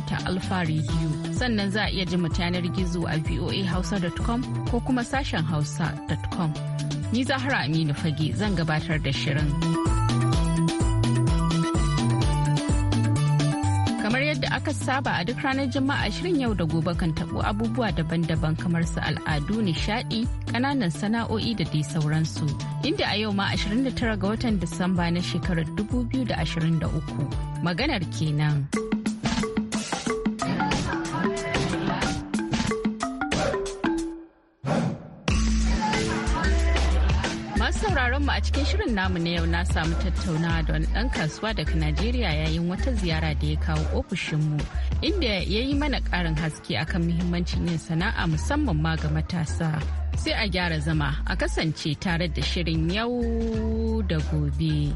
rubuta alfa radio sannan za a iya ji yanar gizo a voahausa.com ko kuma sashen hausa.com ni zahara aminu fage zan gabatar da shirin kamar yadda aka saba a duk ranar juma'a shirin yau da gobe kan tabo abubuwa daban-daban kamar su al'adu nishadi kananan sana'o'i da dai sauransu inda a yau ma 29 ga watan disamba na shekarar 2023 maganar kenan. mu a cikin shirin namu na yau na samu tattaunawa da wani dan kasuwa daga Najeriya yayin wata ziyara da ya kawo ofishinmu inda ya yi mana ƙarin haske akan muhimmancin yin sana'a musamman ma ga matasa. Sai a gyara zama a kasance tare da shirin yau da gobe.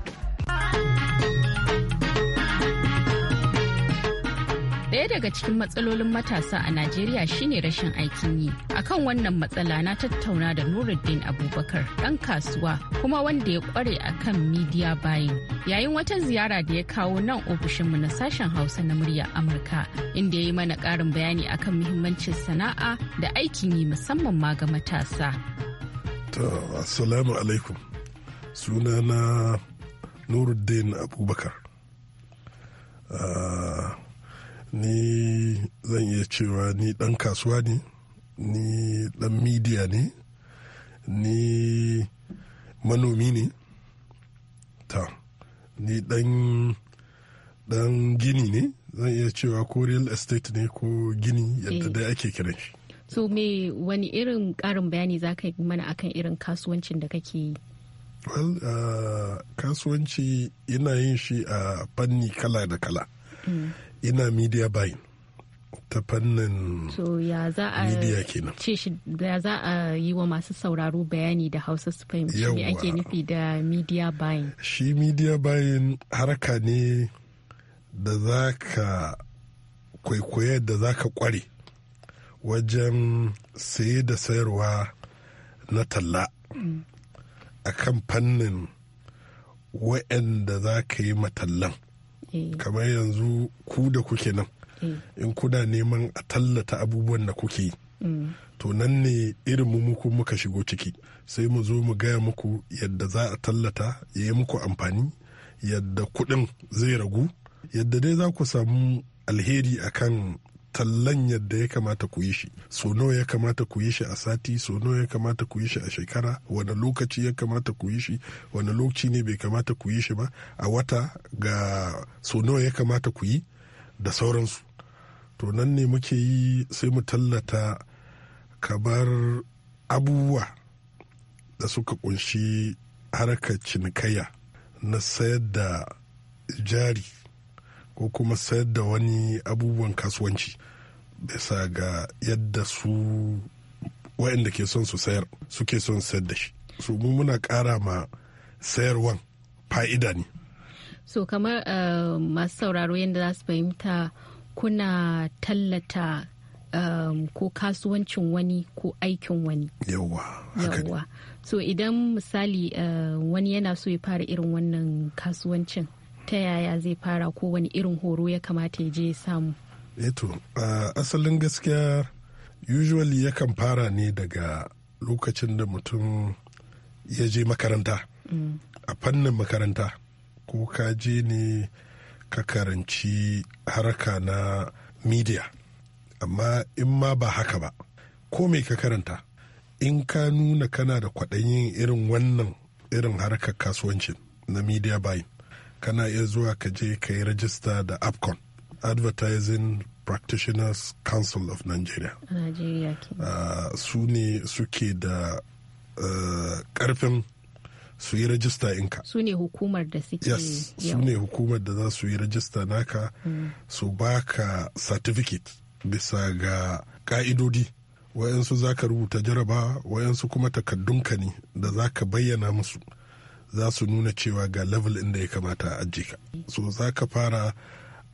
Ɗaya daga cikin matsalolin matasa a Najeriya shine rashin aikin yi. Akan wannan matsala na tattauna da Nuruddin Abubakar ɗan kasuwa kuma wanda ya kware kan media buying yayin wata ziyara da ya kawo nan ofishinmu na sashen Hausa na murya Amurka inda ya yi mana ƙarin bayani akan muhimmancin sana'a da aikin yi musamman ma ga matasa. To, Assalamu alaikum. Sunana Nuruddin Abubakar. Ah, ni zan iya cewa ni dan kasuwa ne ni dan midiya ne ni manomi ne ta ni dan dan gini ne zan iya cewa ko real estate ne ko gini yadda dai ake kiran shi so me wani irin karin bayani za ka yi mana akan irin kasuwancin da kake yi well uh, kasuwanci ina yin shi a uh, fanni kala da kala mm. ina media buying ta fannin media kenan so ya za a yi wa masu sauraro bayani da hausa su fahimci me ake nufi da media buying shi media buying harka ne da za ka kwaikwaye da za ka kware wajen saye da sayarwa na talla mm. a kan fannin wa'anda za ka yi matallan Eh. kamar yanzu ku da kuke nan eh. in kuna neman a tallata abubuwan da kuke yi mm. to nan ne irin mu muku muka shigo ciki sai mu zo mu gaya muku yadda za a tallata ya yi muku amfani yadda kuɗin zai ragu yadda dai za ku samu alheri akan tallan yadda ya kamata ku yi shi so nawa ya kamata ku yi shi a sati so nawa ya kamata ku yi shi a shekara wani lokaci ya kamata ku yi shi wani lokaci ne bai kamata ku yi shi ba a wata ga so nawa ya kamata ku yi da sauransu to nan ne muke yi sai mu tallata kabar abubuwa da suka kunshi harkar cinikayya na sayar da jari ko kuma sayar da wani abubuwan kasuwanci bisa ga yadda su waɗanda ke son su sayar suke son sayar da shi su mu muna ƙara ma sayarwan fa'ida ne so kamar uh, masu sauraro yadda za su fahimta kuna tallata um, ko kasuwancin wani ko aikin wani yawa yawa so idan misali eh, wani yana so ya fara irin wannan kasuwancin ta yaya zai fara ko wani irin horo ya kamata ya je samu eto eh a asalin gaskiya usually yakan fara ne daga lokacin da mutum ya je makaranta mm. a fannin makaranta ko ka je ne ka karanci harka na media amma in ma ba haka ba ko me ka karanta in ka nuna kana da kwaɗayin irin wannan irin harkar kasuwancin na media buying kana iya zuwa ka je ka yi rajista da APCON Advertising Practitioners Council of Nigeria. uh, su ne suke da uh, eh, karfin su yi rajista inka. Su ne hukumar da suke Yes, su ne hukumar da za su yi rajista naka mm. su baka certificate bisa ga ka'idodi. Wayansu za ka rubuta jaraba, wayansu kuma takaddunka ne da za ka bayyana musu. za su nuna cewa ga level inda ya kamata a ajiye ka so za ka fara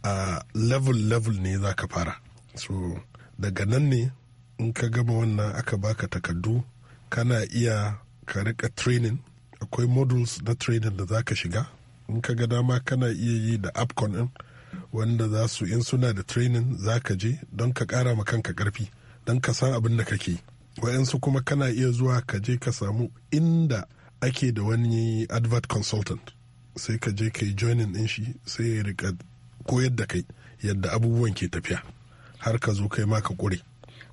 a level level ne za ka fara so daga nan ne in ka gama wannan aka baka takardu kana iya ka rika training akwai modules na training da za ka shiga in ka ga dama kana iya yi da apcon din wanda za su in suna da training za ka je don ka kara ma kanka karfi don ka san abin da kake wayansu kuma kana iya zuwa ka je ka samu inda ake da wani advert consultant sai ka je ka yi joinin din shi sai ya rika koyar da kai yadda abubuwan ke tafiya har ka zo kai maka kure. ƙure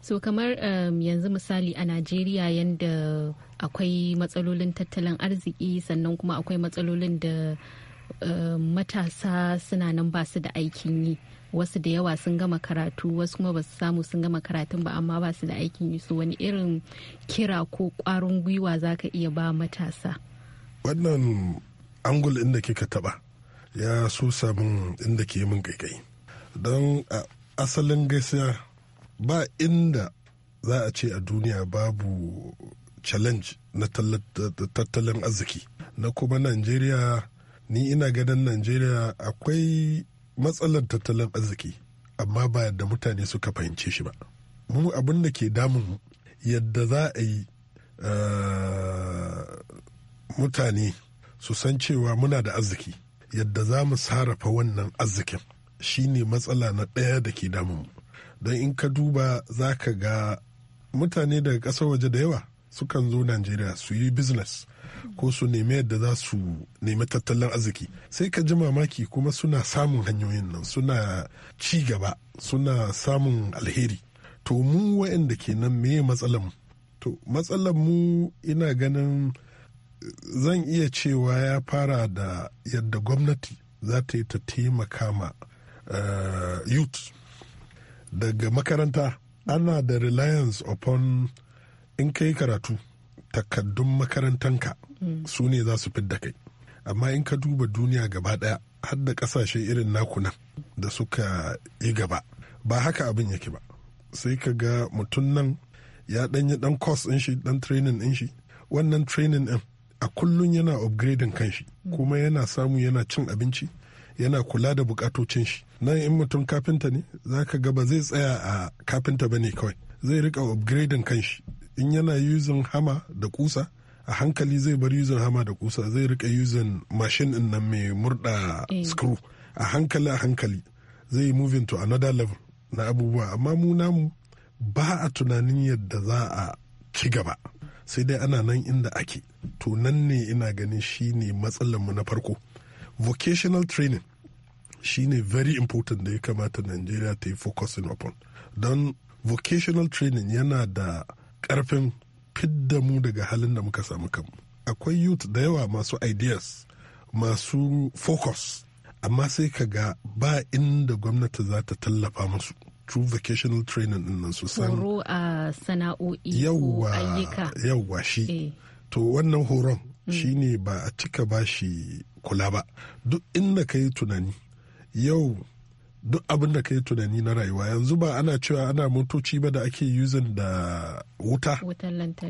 so kamar um, yanzu misali a najeriya yadda akwai matsalolin tattalin arziki sannan kuma akwai matsalolin da uh, matasa suna nan ba su da aikin yi wasu da yawa sun gama karatu wasu kuma ba su samu sun gama karatun ba amma ba su da aikin yi su wani irin kira ko kwarin gwiwa za ka iya ba matasa wannan angul inda kika taba ya susa min inda ke min kaikai don a asalin gaisa ba inda za a ce a duniya babu challenge na tattalin arziki na kuma najeriya ni ina ganin najeriya akwai matsalar tattalin arziki amma ba yadda mutane suka fahimce shi ba mu abin da ke damun yadda za a yi eh, mutane su san cewa muna da arziki yadda za mu sarrafa wannan arzikin shine matsala na ɗaya da ke damun don in ka duba za ka ga mutane daga ƙasar waje da yawa sukan zo najeriya su yi business ko su nemi yadda za su nemi tattalin arziki sai ka ji mamaki kuma suna samun hanyoyin nan suna ci gaba suna samun alheri to mu wa'anda kenan me matsalar mu to matsalar mu ina ganin zan iya cewa ya fara da yadda gwamnati za ta yi ta taimaka ma uh, youth daga makaranta ana da reliance upon in kai karatu takaddun ka. Mm. su ne za su fidda kai amma in ka duba duniya gaba daya har da kasashe irin nakunan da suka yi gaba ba haka abin yake ba sai ka ga mutum nan ya danyi dan course din shi dan training din shi wannan training din a kullun yana upgrading kan shi mm. kuma yana samu yana cin abinci yana kula da bukatocin shi nan in mutum kafinta ne za ka ga ba zai tsaya a kafinta ba ne kawai zai rika upgrading kan shi in yana yuzin hama da kusa a hankali zai bar using hama da kusa zai rika yuzin mashin din nan mai murda eh. screw a hankali a hankali zai moving to another level na abubuwa amma mu namu ba a tunanin yadda za a ci gaba sai dai ana nan inda ake to nan ne ina ganin shine matsalar mu na farko vocational training shine very important da ya kamata Najeriya ta yi focusing upon don vocational training yana da karfin fidda mu daga halin da muka samu kanmu akwai youth da yawa masu ideas masu focus amma sai ka ga ba inda gwamnati za ta tallafa musu through vocational training din nan su san horo a sana'o'i yawwa yawwa shi eh. to wannan horon mm. shine ba a cika bashi kula ba duk inda ka yi tunani yau duk abin da ka yi tunani na rayuwa yanzu ba ana cewa ana motoci ba da ake yuzin da wuta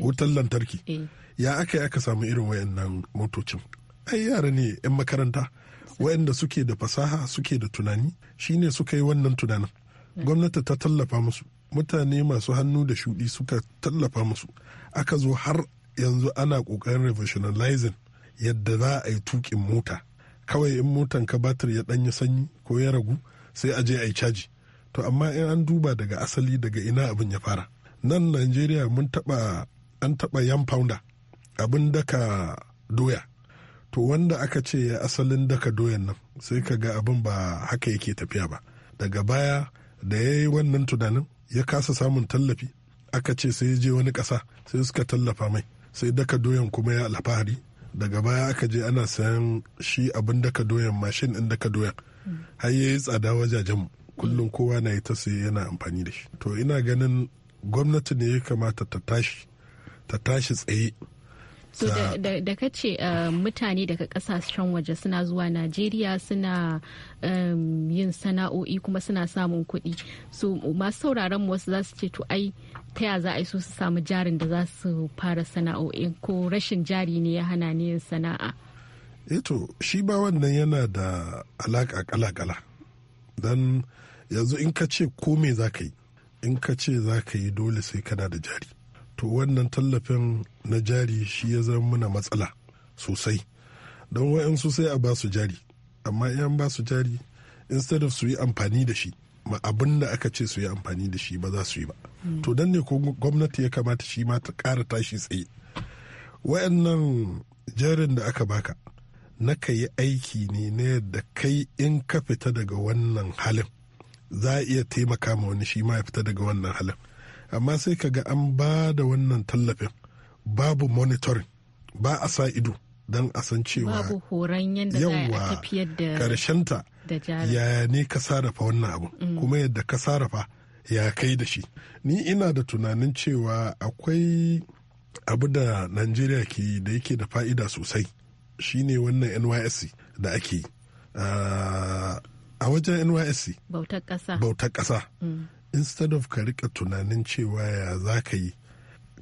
wutan lantarki eh. ya aka yi aka samu irin wayannan motocin ai yara ne 'yan makaranta wayanda suke da fasaha suke da tunani shine suka yi wannan tunanin hmm. gwamnati ta tallafa musu mutane masu hannu da shudi suka tallafa musu aka zo har yanzu ana ƙoƙarin revolutionizing yadda za a yi tuƙin mota kawai in motan ka batir ya danyi sanyi ko ya ragu sai a je a yi caji to amma in an duba daga asali daga ina abin ya fara nan najeriya mun taba an taba yan founder abin daka doya to wanda aka ce ya asalin daka doyan nan sai ka ga abin ba haka yake tafiya ba daga baya da ya yi wannan tunanin ya kasa samun tallafi aka ce sai yaje je wani ƙasa sai suka tallafa mai sai daka doyan kuma ya alfahari daga baya aka je ana sayan shi abin daka doyan mashin ɗin daka doyan har yayi tsada wajajen kullum kowa na yi ta sai yana amfani da shi to ina ganin gwamnati ne ya kamata ta tashi ta tashi tsaye so da ka ce uh, mutane daga kasashen waje suna zuwa najeriya suna um, yin sana'o'i kuma suna samun kuɗi so masu sauraron wasu za su ce to ai ta ya za a su samu jarin da za su fara sana'o'i ko rashin jari ne ya hana ne yin sana'a eto eh shi ba wannan yana da alaƙa kala-kala don yanzu in ka ce ko me za ka yi in ka ce za ka yi dole sai kana da jari to wannan tallafin na jari shi ya zama muna matsala sosai don wa'yansu sai a ba su jari amma in ba su jari instead of su yi amfani da shi ma abin da aka ce su yi amfani da shi ba za su yi ba hmm. to don ne ko gwamnati ya kamata shi ma ta ƙara tashi tsaye wayannan jarin da aka baka naka yi aiki ne na yadda kai in ka fita daga wannan halin za a iya taimaka ma wani shi ma ya fita daga wannan halin amma sai ka ga an ba da wannan tallafin babu monitoring ba a sa ido don a san cewa babu horon ta za ya ne ka sarrafa wannan abu mm. kuma yadda ka sarrafa ya kai da shi ni ina da tunanin cewa akwai abu da najeriya ke da yake da fa'ida sosai shine wannan nysc da ake yi ah, a wajen nysc bautar ƙasa bautar ƙasa mm. instead of ka rika tunanin cewa ya za ka yi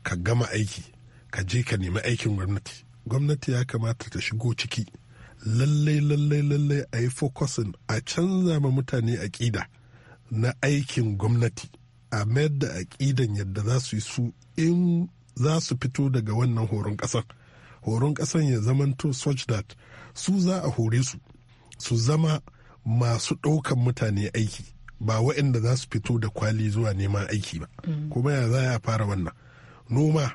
ka gama aiki ka je ka nemi aikin gwamnati gwamnati ya kamata ta shigo ciki lallai lallai lallai a yi focusin a canza ma mutane aƙida na aikin gwamnati a mayar da aƙidan yadda za su yi su in za su fito daga wannan horon ƙasar horon ƙasan ya zamanto such that su za a hore su su zama masu ɗaukan mutane aiki ba waɗanda za su fito da kwali zuwa neman aiki ba mm. kuma ya za a fara wannan noma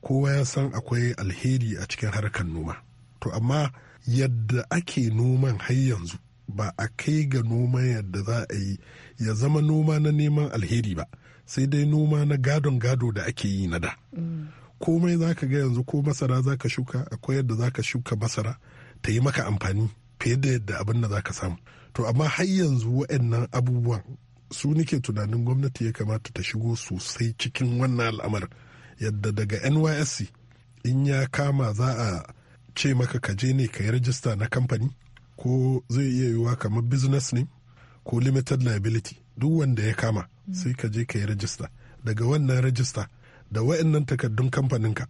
kowa ya san akwai alheri a cikin harkar noma to amma yadda ake noman har yanzu ba a kai ga noma yadda za a yi ya zama noma na neman alheri ba sai dai noma na gadon gado da ake yi na da mm. komai za ka ga yanzu ko masara za ka shuka akwai yadda za ka shuka masara ta yi maka amfani fiye da yadda abin da za ka samu to amma har yanzu waɗannan abubuwan su nike tunanin gwamnati ya kamata ta shigo sosai cikin wannan al'amar yadda daga nysc in ya kama za a ce maka ka je ne ka yi rajista na kamfani ko zai iya yiwuwa kamar business ne ko limited liability duk wanda ya kama sai ka je ka yi rajista daga wannan rajista da wa'annan takardun kamfaninka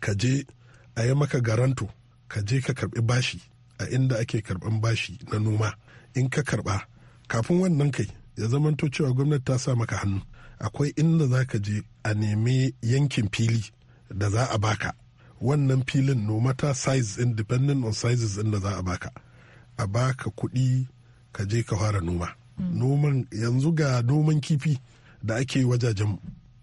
ka je a yi maka garanto ka je ka karbi bashi a inda ake karban bashi na noma in ka karba kafin wannan kai ya zamanto cewa gwamnati ta sa maka hannu akwai inda za ka je a nemi yankin fili da za a baka wannan filin no matter size independent on sizes inda za a baka a baka kuɗi ka je ka fara noma mm. noman yanzu ga noman kifi da ake wajajen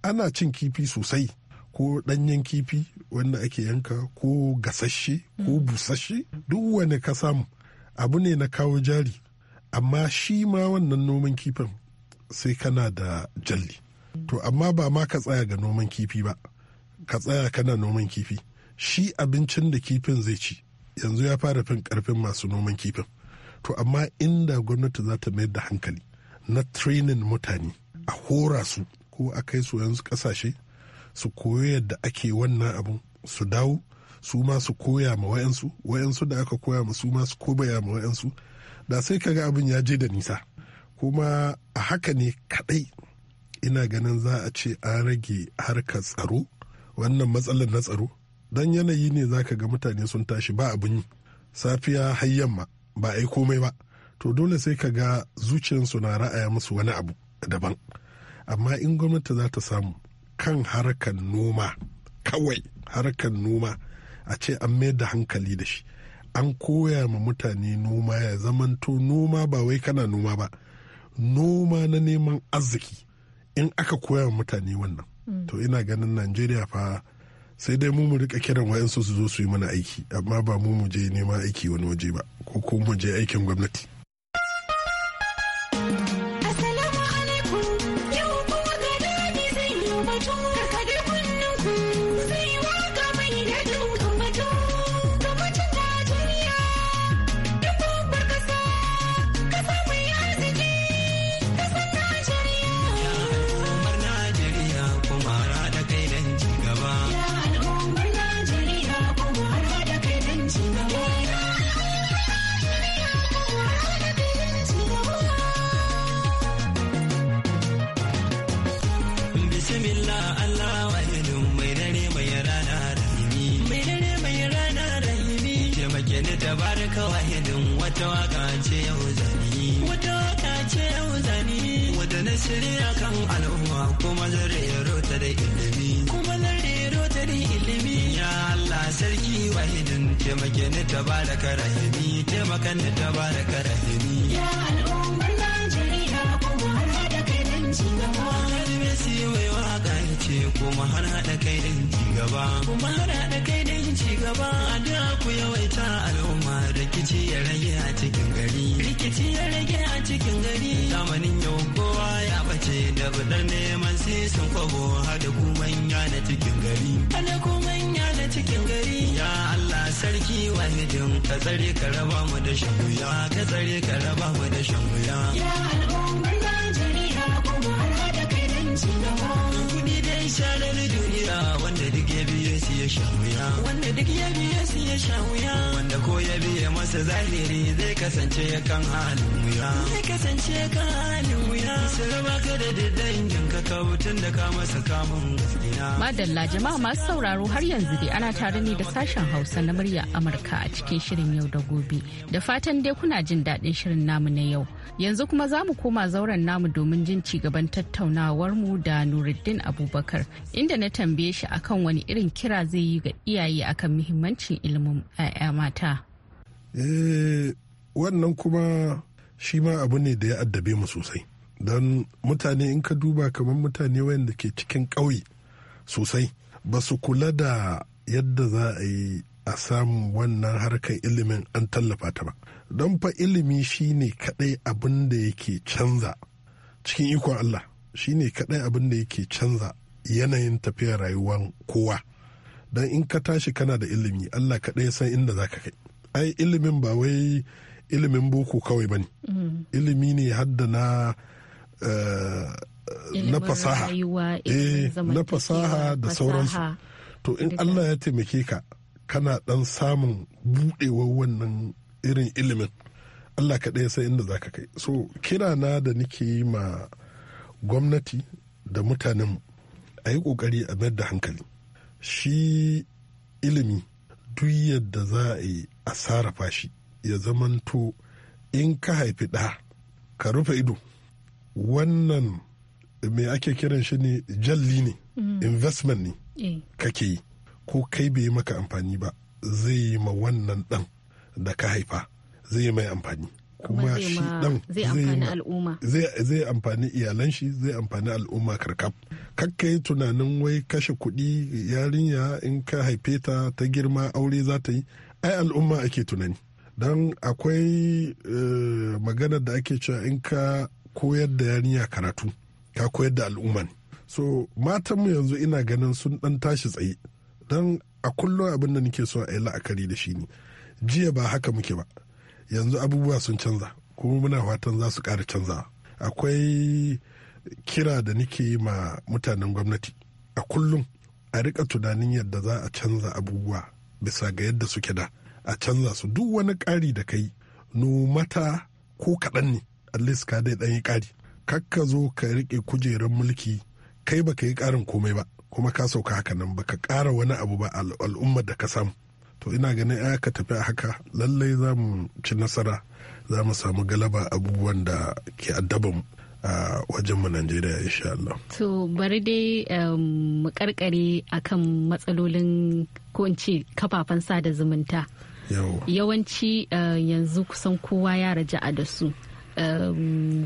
ana cin kifi sosai ko ɗanyen kifi wanda ake yanka ko gasashe ko mm. busashe. duk wani ka samu abu ne na kawo jari amma shi ma wannan noman kifin sai kana da jalli to amma ba ma ka tsaya ga noman kifi ba ka tsaya kana noman kifi shi abincin da kifin zai ci yanzu ya fara fin karfin masu noman kifin to amma inda gwamnati za ta mayar da hankali na training mutane a hora su ko a kai su yanzu kasashe su koyo yadda ake wannan abun su dawo su ma su koya ma wayansu wayansu da aka koya ma su ma su koya ma wayansu da sai kaga abin ya je da nisa kuma a haka ne kadai ina ganin za a ce an rage harkar tsaro wannan matsalar na tsaro don yanayi ne za ka ga mutane sun tashi ba abin yi safiya har yamma ba a yi komai ba to dole sai ka ga zuciyarsu na ra'aya musu wani abu daban amma in gwamnati za ta samu kan harkar noma kawai harkar noma a ce an mayar da hankali da shi an koya ma mutane noma ya zamanto noma ba wai kana noma ba noma na neman arziki in aka koya ma mutane wannan mm. to ina ganin najeriya fa sai dai mu mu rika kiran wayansu su zo su yi mana aiki amma ba mu mu je neman aiki wani waje ba ko kuma mu je aikin gwamnati kuma har haɗa kai ɗin ci gaba. Kuma har haɗa kai ɗin ci gaba a ku yawaita al'umma rikici ya rage a cikin gari. Rikici ya rage a cikin gari. Zamanin yau kowa ya bace da budar neman sai sun kwabo hada ku manya na cikin gari. Haɗa ku manya na cikin gari. Ya Allah sarki wahidin ka tsare ka raba mu da shan wuya. Ka tsare ka raba mu da shan wuya. Ya al'ummar Najeriya kuma har haɗa kai ɗin ci gaba. an sharar duniya wanda duk ya biye su ya sha wuya wanda duk ya biye su ya sha wuya wanda ko ya biye masa zahiri zai kasance kan halin wuya kasance ka wuya ka da ka da ka masa kamun gaskiya madalla jama'a masu sauraro har yanzu dai ana tare ne da sashen hausa na murya amurka a cikin shirin yau da gobe da fatan dai kuna jin daɗin shirin namu na yau yanzu kuma za mu koma zauren namu domin jin ci gaban tattaunawar mu da nuruddin abubakar inda na tambaye shi akan wani irin kira zai yi ga iyaye akan muhimmancin ilimin 'ya'ya mata eh, wannan kuma shi ma abu ne da ya addabe mu sosai don mutane in ka duba kamar mutane wayanda ke cikin ƙauye sosai ba su kula da yadda za a yi a samu wannan harkar ilimin an tallafa ta ba don fa ilimi shine kadai abin da yake canza cikin ikon Allah shine kaɗai abin da yake canza yanayin tafiyar rayuwar kowa don in ka tashi kana da ilimi Allah kaɗai san inda za ka kai ai ilimin ba wai ilimin boko kawai bane mm. ilimi ne hadda na eh, na fasaha eh, na fasaha da sauransu to in Allah ya taimake ka kana dan samun budewar wannan irin ilimin Allah ka ɗaya sai inda za ka kai so kira na da nike yi ma gwamnati da mutanen a yi ƙoƙari a mayar da hankali shi ilimi duk yadda za a yi a sarrafa shi ya zamanto in ka haifi ɗa ka rufe ido wannan me ake kiran shi ne jalli ne mm. investment ne eh. kake yi ko kai bai yi maka amfani ba zai yi ma wannan ɗan da ka haifa zai yi mai amfani kuma shi ɗan zai amfani iyalan shi zai amfani al'umma karkab kakka yi tunanin wai kashe kuɗi yarinya in ka haife ta ta girma aure za ta yi ai al'umma ake tunani don akwai eh, maganar da ake cewa in ka koyar da yarinya karatu ka koyar da al'umma ne so matanmu yanzu ina ganin sun dan tashi tsaye don a kullum abin da nake so a yi la'akari da shi ne jiya ba haka muke ba yanzu abubuwa sun canza kuma muna fatan za su ƙara canza akwai kira da nake yi ma mutanen gwamnati a kullum a rika tunanin yadda za a canza abubuwa bisa ga yadda suke da a canza su duk wani ƙari da kai no mata ko kaɗan ne at least ka dai ɗan yi ƙari kakka zo ka riƙe kujerar mulki kai ba ka yi ƙarin komai ba kuma ka sauka haka nan ba ka ƙara wani abu ba al'umma da ka samu to ina ganin ya ka tafi a haka lallai za mu ci nasara za mu samu galaba abubuwan da ke addaban a wajenmu Najeriya insha Allah. To bari dai um, mu karkare akan matsalolin ko in ce kafafen sada zumunta. yawanci eh, yanzu kusan kowa ya raja'a da su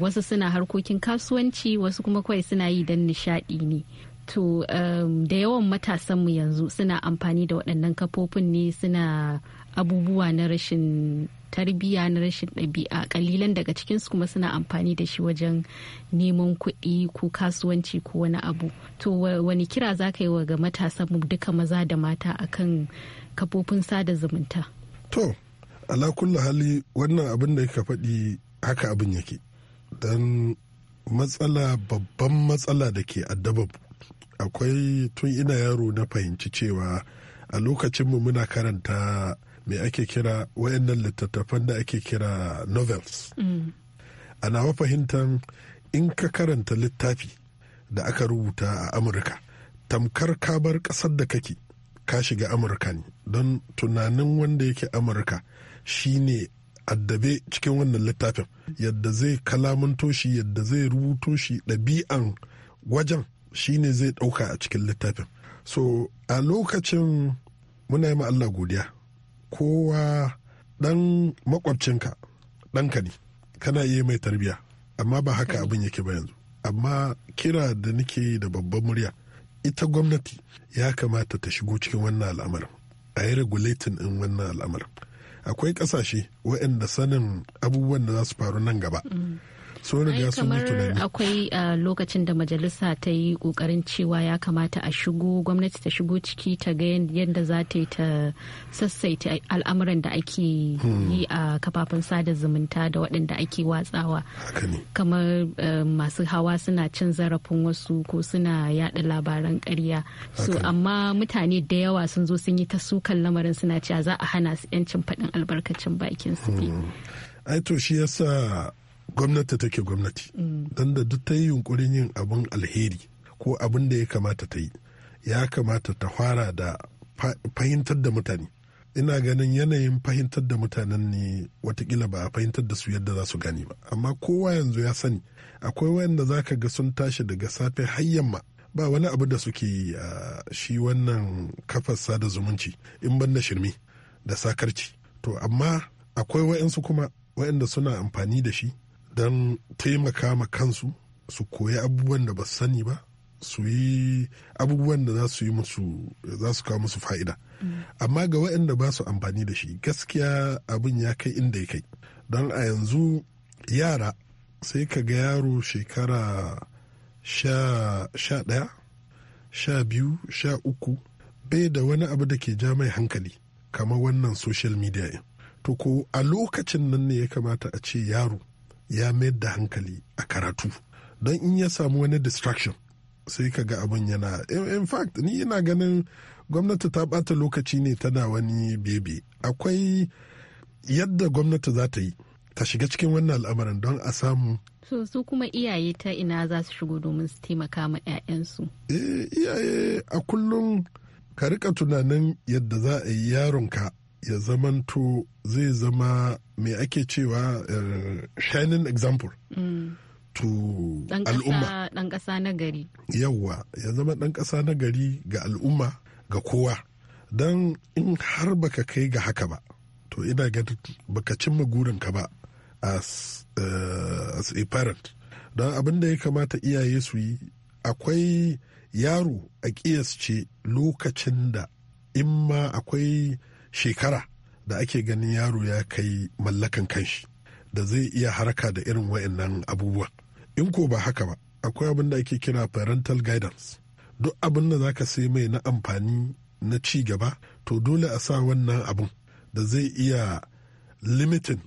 wasu suna harkokin kasuwanci wasu kuma kawai suna yi don nishaɗi ne to da yawan matasanmu yanzu suna amfani da waɗannan kafofin ne suna abubuwa na rashin tarbiyya na rashin ɗabi'a ƙalilan daga cikinsu kuma suna amfani da shi wajen neman kuɗi ko kasuwanci ko wani abu to wani kira za ka yi wa ga matasanmu duka maza da mata akan kafofin sada zumunta to ala kulla hali wannan abin da ka faɗi haka abin yake don matsala babban matsala da ke addababu. akwai tun ina yaro na fahimci cewa a lokacinmu muna karanta me ake kira wayannan littattafan da ake kira novels Ana wa fahimtar in ka karanta littafi da aka rubuta a amurka tamkar ka bar ƙasar da kake ka shiga amurka ne don tunanin wanda yake amurka shine addabe cikin wannan littafin yadda zai kalamanto shi yadda zai rubuto shi ɗabi'an wajen shine zai ɗauka a cikin littafin so a lokacin muna yi Allah godiya kowa ɗan makwabcinka ɗanka ne kana iya mai tarbiya amma ba haka abin yake ba yanzu amma kira da nake da babban murya ita gwamnati ya kamata ta shigo cikin wannan al'amar a yi regulating in wannan al'amar akwai ƙasashe waɗanda sanin abubuwan da za su faru nan gaba sun akwai sun lokacin da majalisa ta yi kokarin cewa ya kamata a shigo gwamnati ta shigo ciki ta ga yadda za ta yi ta sassaita al'amuran da ake hmm. yi a kafafen sada zumunta da waɗanda ake watsawa kamar eh, masu hawa suna cin zarafin wasu ko suna yada labaran karya so amma mutane da yawa sun zo sun yi ta sukan lamarin suna cewa za a hana su 'yancin faɗin albarkacin bakin su hmm. ai to shi yasa gwamnati take gwamnati dan da duk ta yi yunkurin yin abin alheri ko abin da ya kamata ta yi ya kamata ta fara da fahimtar da mutane ina ganin yanayin fahimtar da mutanen ne watakila ba a fahimtar da su yadda za su gani ba amma kowa yanzu ya sani akwai wayanda za ka ga sun tashi daga safe har yamma ba wani abu da suke shi wannan kafar sada zumunci in ban da shirme da sakarci to amma akwai wayansu kuma wayanda suna amfani da shi don taimaka ma kansu su koyi abubuwan da ba sani ba su yi abubuwan da za su yi musu kawo musu fa'ida amma ga waɗanda ba su amfani da shi gaskiya abin ya kai inda ya kai don a yanzu yara sai ka ga yaro shekara sha ɗaya sha biyu sha uku bai da wani abu da ke ja mai hankali kamar wannan social media to ko a lokacin nan ne ya kamata a ce yaro ya mayar da hankali a karatu don in ya samu wani distraction sai ka ga abin yana in fact ni yana ganin gwamnati ta bata lokaci ne tana wani bebe akwai yadda gwamnati za ta yi ta shiga cikin wannan al'amarin don a samu so su kuma iyaye ta ina za su shigo domin su taimaka ma 'ya'yansu eh iyaye a kullum ka rika tunanin yadda za a yi yaronka ya zamanto zai zama mai ake cewa eh, shining example mm. to al'umma Dan ƙasa na gari yawwa ya zama dan ƙasa na gari ga al'umma ga kowa don in har baka kai ga haka ba to ina ga baka cimma gurinka ba as, uh, as a parent don abin da ya kamata iyaye su yi akwai yaro a ƙiyasce lokacin da in ma akwai shekara da ake ganin yaro ya kai mallakan kanshi da zai iya haraka da irin wa'annan abubuwa in ko ba haka ba akwai abin da ake kira parental guidance duk abin da za ka sai mai na amfani na ci gaba to dole a sa wannan abin da zai iya limitin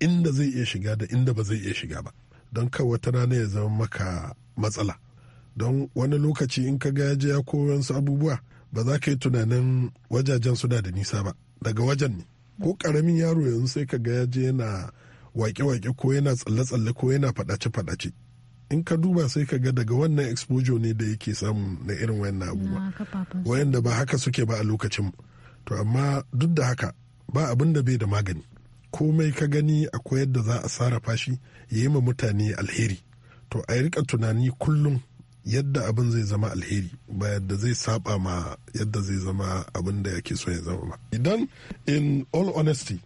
inda zai iya shiga da inda ba zai iya shiga ba don ka wata rana ya zama maka matsala don wani lokaci in ka ga ya koyon su abubuwa ba za ka yi tunanin wajajen suna da nisa ba daga wajen ne ko karamin yaro yanzu sai ka ga ya je yana waƙe-waƙe ko yana tsalle-tsalle ko yana faɗace-faɗace in ka duba sai ka ga daga wannan exposure ne da yake samu na irin wayannan abubuwa wayanda ba haka suke ba a lokacin to amma duk da haka ba abin da bai da magani komai ka gani akwai yadda za a sarrafa shi ya yi ma mutane alheri to a rika tunani kullum yadda abin zai zama alheri ba yadda zai saba ma yadda zai zama abin da yake so ya zama ba idan in all honesty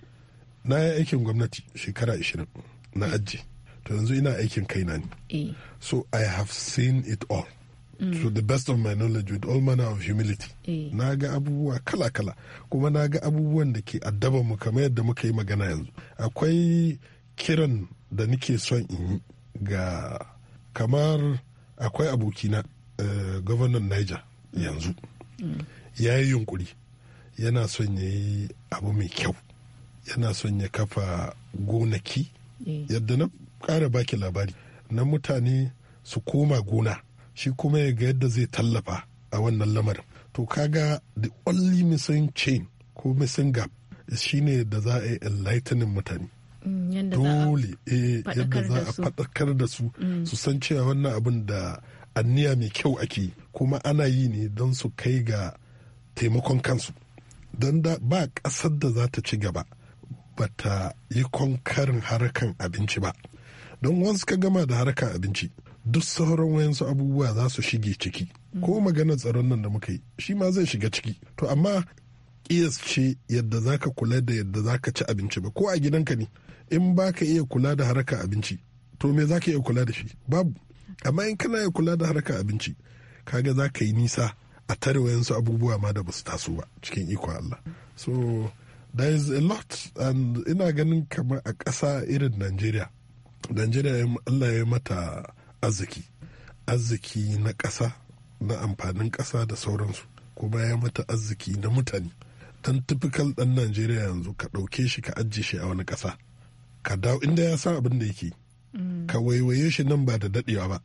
na yi aikin gwamnati shekara 20 na aji to yanzu ina aikin kai na ne eh. so i have seen it all mm. to the best of my knowledge with all manner of humility eh. na ga abubuwa kala-kala kuma na ga abubuwan da ke addaban mu kamar yadda muka yi magana yanzu akwai kiran da nake son in ga kamar akwai abokina eh, gwamnan niger yanzu mm. ya yi yunkuri yana son ya yi abu mai kyau yana son ya kafa gonaki eh. yadda na ƙara baki labari na mutane su koma gona shi kuma ya ga yadda zai tallafa a wannan lamarin to kaga the only missing chain ko missing gap shine da za a yi enlightening mutane dole eh, yadda za a faɗakar da su mm. su san cewa wannan abin da anniya mai kyau ake kuma ana yi ne don su kai ga taimakon kansu don da ba ƙasar da za ta ci gaba ba ta yi konkarin harkan abinci ba don wasu ka gama da harkan abinci duk sauran wayansu abubuwa za su shige ciki ko mm. maganar tsaron nan da muka yi shi ma zai shiga ciki to amma kiyas ce yadda za ka kula da yadda za ka ci abinci ba ko a gidanka ne in ba ka iya kula da haraka abinci to me za ka iya kula da shi babu amma in kana iya kula da haraka abinci kaga za ka yi nisa a tare wayansu abubuwa ma da ba su taso ba cikin ikon Allah so there is a lot and ina ganin kamar a ƙasa irin Najeriya Najeriya Allah ya mata arziki arziki na ƙasa na amfanin ƙasa da sauransu kuma ya mata arziki na mutane dan typical ɗan Najeriya yanzu ka ɗauke shi ka ajiye shi a wani ƙasa ka dawo inda ya san abin da yake ka waiwaye shi nan ba da dadewa ba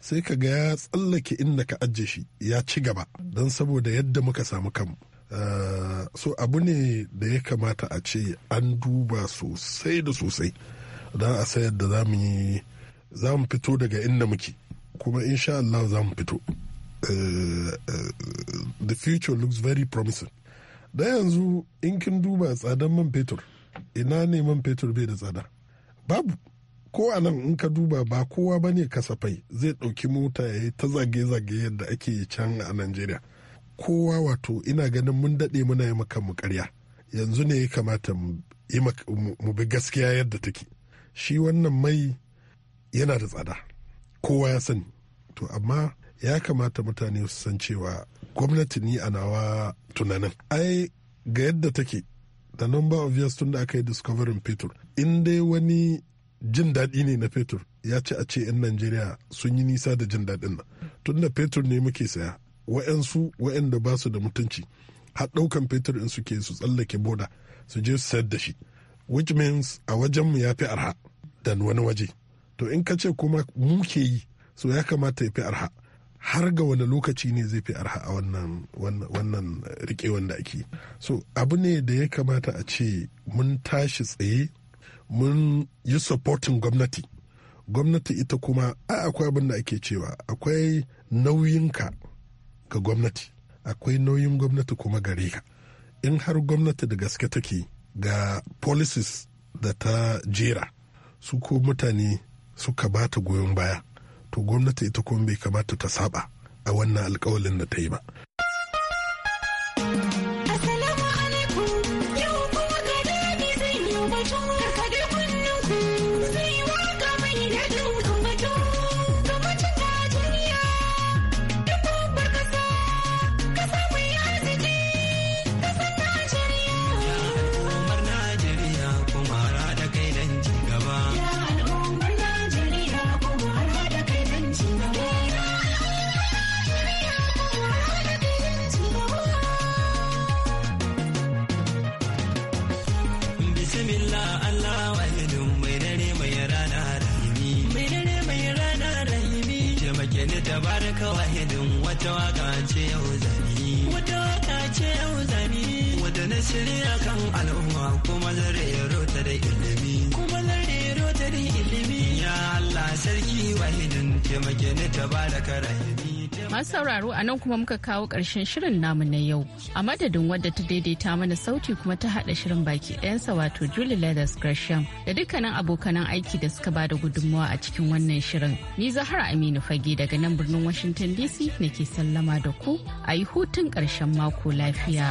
sai ka ga ya tsallake inda ka ajiye shi ya ci gaba don saboda yadda muka samu kanmu ah, so abu ne da ya kamata a ce an duba sosai da sosai don a sayar da za mu fito daga inda muke kuma insha Allah za mu fito eh, eh, the future looks very promising da yanzu in kin duba tsadan man fetur ina neman fetur bai da tsada babu ko a nan in ka duba ba kowa ba ne kasafai zai ɗauki mota ya yi ta zage-zage yadda ake can a najeriya kowa wato ina ganin mun daɗe muna yi maka karya yanzu ne ya kamata mu bi gaskiya yadda take shi wannan mai yana da tsada kowa ya sani to amma ya kamata mutane su san cewa gwamnati ni a nawa tunanin ai ga yadda take the number of years tun da aka yi discovering fetur in dai wani jin daɗi ne na fetur ya ci a ce in najeriya sun yi nisa da jin daɗin nan tun da fetur ne muke saya wa'yansu wa'yanda ba su da mutunci har ɗaukan fetur in suke su tsallake boda su je su sayar da shi which means a wajen mu ya fi arha da wani waje to in ka ce kuma mu ke yi so ya kamata ya fi arha har ga wani lokaci ne zai fi arha a wannan wannan rike wanda ake so abu ne da ya kamata a ce mun tashi tsaye mun yi supporting gwamnati gwamnati ita kuma a akwai abin da ake cewa akwai nauyinka ga gwamnati akwai nauyin gwamnati kuma gare ka in har gwamnati da gaske take ga policies da ta jera su ko mutane suka bata goyon baya to gwamnati ita kuma bai kamata ta saba a wannan alkawalin da ta yi ba shirya kan al'umma da ilimi Masu sauraro a nan kuma muka kawo ƙarshen shirin namu na yau. A madadin wadda ta daidaita mana sauti kuma ta haɗa shirin baki ɗayansa wato Julie Leathers Gresham da dukkanin abokanan aiki da suka bada gudunmawa a cikin wannan shirin. Ni Zahara Aminu Fage daga nan birnin Washington DC nake sallama da ku a yi hutun ƙarshen mako lafiya.